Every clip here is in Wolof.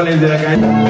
Valeu, DH.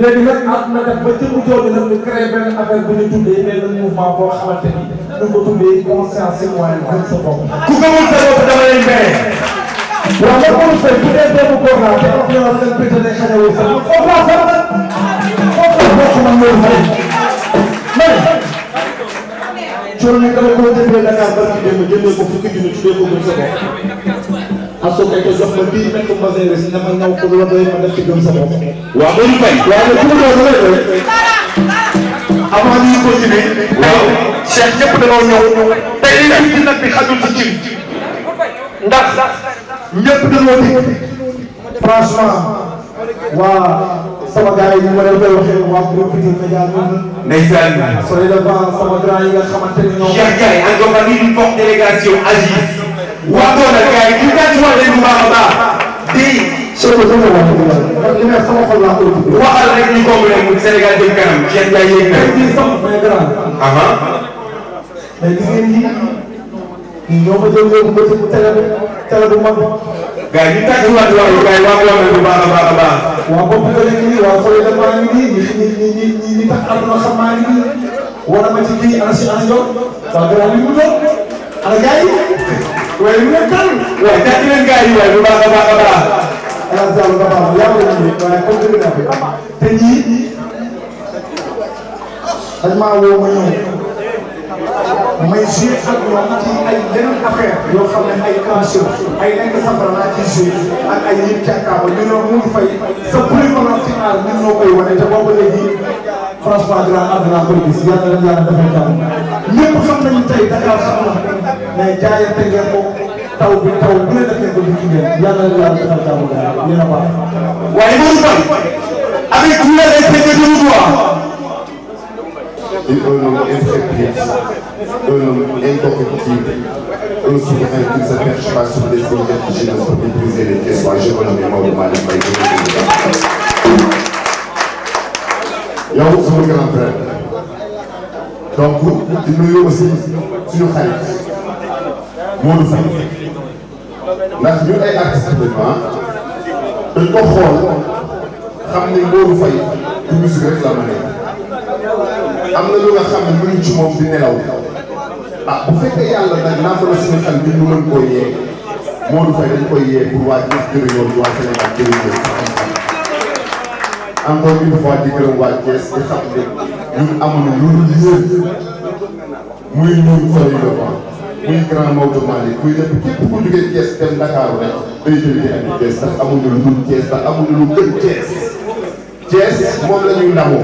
léegi nag àdduna nag ba jëm jooju nag ñu créé benn affaire bu ñu tuddee benn mouvement boo xamante ni ñu ko tuddee conscience citoyenne gëm sa bopp. ku gëmul sa bopp dama lay maye. waaw nga gëm sa bu dee doomu góor laa te am na seen pété day xañawul sa bopp foofu laa sama foofu laa bokk man loolu may. mais. coono ñu dama ko jëndee Dakar ba ci démb jëndee ko fukki junni tuddee ko gëm sa bopp. am soo ko jox ma bii mètre bassin bi si ne ma ñaw ko lu la doy ma def ci gëm sa bopp. waaw ba ñu fay. waaw mais pour loolu lay doy. avant ñu continuer. waaw Cheikh ñëpp dañoo ñëw. tey li ñu ci nag bi xajul ci cin. ndax ñëpp dañoo di. franchement. waa. sama gars yi ñu mën a koy waxee waa groupe Futurs Médias ñun. ndeysaan. sooy devant sama gars yi nga xamante ne ñoom. Cheikh Ndiaye en compagnie d'une forte délégation Agis. waxoon na gars yi ñu gàtt wax leen bu baax a baax di. Cheikh bi dama la wax li may sama xol laa ko waxal rek ñu ko mu Sénégal jëm kanam Cheikh Ndiaye yéeg na. mais gis ngeen lii ñoo ma jël léegi ba ci télé bi télé bu mag. gars yi ñu tàcc waat wax yi gars yi wax leen bu baax a baax a baax. waaw bopp bi la nii waaw sooy dem maa ngi nii ñi ñi ñi ñi ñi tax àdduna xam maa ngi nii war na ma ci kii ana si ana yoon waa gannaaw li mu doon ana gars yi waaye mu ngi tànn. waaw jàpp leen gars yi waaye bu baax a baax a baax. alaaka jàll ba baax yàlla na ñu waaye comme dëgg naa fi te ñii dañ maa woo ma ñëw may joué ak ñoom ci ay yeneen affaire yoo xam ne ay cancer ay nekk safara laa ciy joué ak ay yëpp càkkaaba ñu ne mu fay sa polyvalence ci aar ñun ñoo koy wane te boobu léegi franchement dinaa ànd naa koy gis yàlla na yàlla defal jàmm ñëpp xam nañu tey Dakar xam na mais jaayante ngeen ko taw bi taw bu ne defee ko du ci ngeen yàlla na yàlla defal taw bi yéen a baax. waaye loolu fan. avec tous les respects de l'histoire. un homme inspectrice, un homme incorruptible, un souverain qui ne se perche pas sur les frontières qui ne sont plus prises les questions. Je renomme Maodo Malick Mbaye. yow sama grand frère. donc di nuyu aussi suñu xarit. Modou Fall ndax ñun ay artistes lañu ah dañ ko xool xam ne Modou Faye du musique rek la ma ne am na lu nga xam ne mënuñ ci moom di nelaw ah bu fekkee yàlla nag naata la suñu xel bi ñu mën koo yee Modou Faye dañ koy yee pour waa Thiès jërëjëf waa Sénégal jërëjëf encore une fois di gërëm waa Thiès di xam ne ñun amuñu lu dul yéen muy ñun Faye Levant. kuy grand Maodo Malick kuy lépp képp ku jugee Thiès dem Dakar rek day jël di andi Thiès ndax amuñu lu dul Thiès ndax amuñu lu gën Thiès. Thiès moom la ñuy ndamoo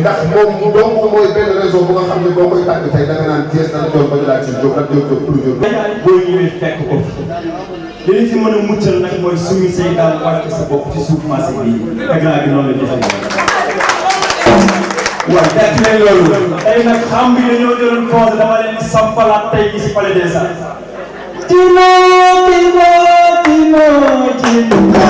ndax moom donc mooy benn réseau bu nga xam ne boo koy tàgg tey da nga naan Thiès ak Diop ba ñu laaj si Diop ak Diop Diop pour Diop. boo ñëwee fekk ko li ñu ci mën a muccal nag mooy suñu say daal wàcc sa bopp ci suuf marché bi Dakar bi noonu la ñu waaw fekk nañ loolu. tey nag xam bi dañoo jëloon pause dama leen di sampalaat tey ci palais des arts. dina dina dina dina.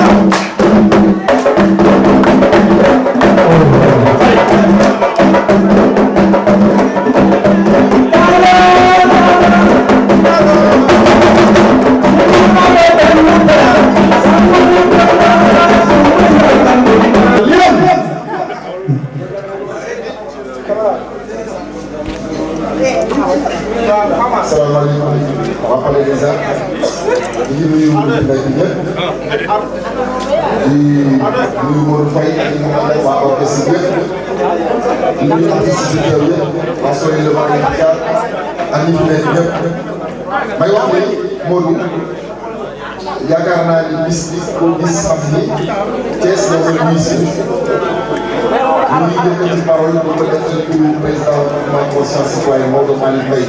Thank you. ak ñi fi nekk ñëpp may wax ni Modou yaakaar naa ni bis bis ko bis xam ni Thiès la ko ñuy si ñu ngi yëkkati parole bu ko def ci turu président mouvement conscience citoyenne Maodo Malick Mbaye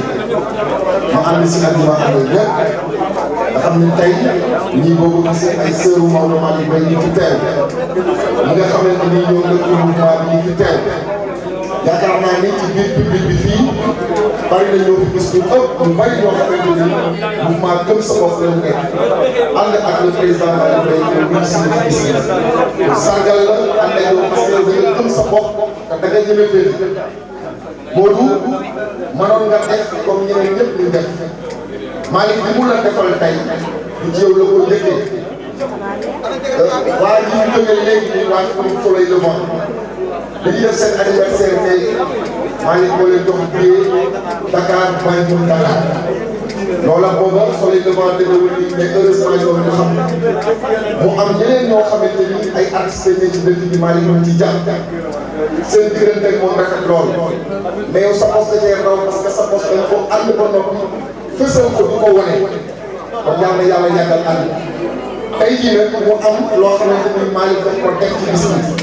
ma ànd si ak ma àndal ñëpp nga xam ne tey ñii boobu gisee ay sëru Maodo Malick Mbaye ñu fi teew ñi nga xamante ni ñoo dëkk mouvement bi ñu fi teew yaakaar naa ni ci biir public bi fii na ñoo fi gis ñu ëpp ñu bari ñoo xamante ni mouvement gëm sa bopp la nekk ànd ak le président de la République ñu si gis sargal la nga gëm sa bopp te da nga maa ngi fi mu la defal tey du ci yow la ko njëkkee euh, waa ji ñu jógee léegi ñu waaj am solo yi dañuy def seen anniversaire tey Malick moo leen jox billet Dakar Banjul Dakar loola booba solidement demewul nii mais heureusement loolu ñu xam mu am ñeneen ñoo xamante ni ay artistes yi ci dëkk bi Malick moom ci jàpp seen diggante moom rafet lool mais sa bopp da cee raw parce sa bopp dañ ko ànd ba noppi fësal ko du ko wane kon yàlla yàlla yàggal ànd tey jii nag mu am loo xamante ni Malick daf ko teg ci bis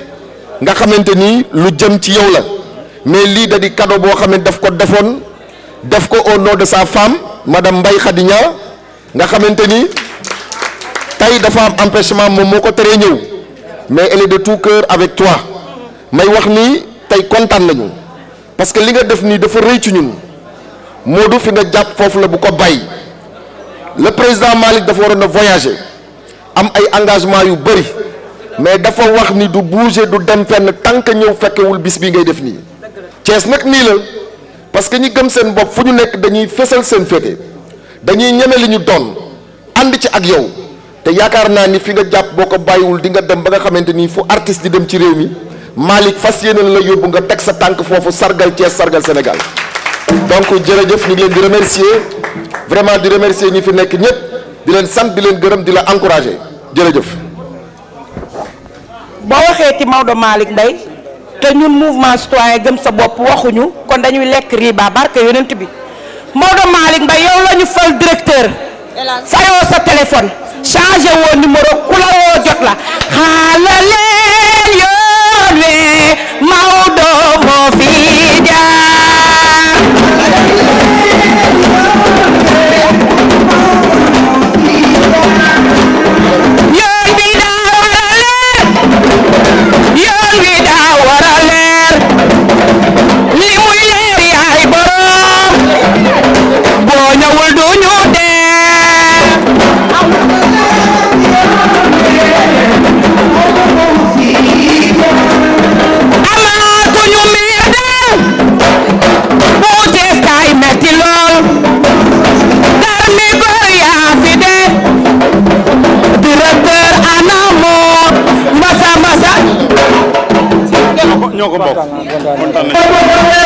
nga xamante ni lu jëm ci yow la mais lii da di cadeau boo xam ne daf ko defoon def ko au nom de sa femme madame Mbaye Khady Niang nga xamante ni tey dafa am empêchement moom moo ko teree ñëw mais elle de tout cœur avec toi may wax ni tey kontaan nañu parce que li nga def nii dafa rëy ci ñun du fi nga jàpp foofu la bu ko bàyyi le président Malick dafa waroon a voyager am ay engagement yu bëri. mais dafa wax ni du bouger du dem fenn tant que ñëw fekkewul bis bi ngay def nii Thiès nag nii la parce que ñi gëm seen bopp fu ñu nekk dañuy fesal seen féete dañuy ñeme li ñu donn ànd ci ak yow te yaakaar naa ni fi nga jàpp boo ko bàyyiwul di nga dem ba nga xamante ni fu artiste di dem ci réew mi Malick fas yéene la yóbbu nga teg sa tànk foofu sargal Thiès sargal Sénégal donc jërëjëf ñu ngi leen di remercier vraiment di remercier ñi fi nekk ñëpp di leen sant di leen gërëm di la encourager jërëjëf. boo waxee ci Maodo Malick Mbaye te ñun mouvement citoyen gëm sa bopp waxuñu kon dañuy lekk riba barke yonent bi Maodo Malick Mbaye yow la ñu directeur fayoo sa téléphone changé woo numéro ku la woo jot la xaala yoon we Maodo moo fi jaar ñoo ko bokk kontaan nañu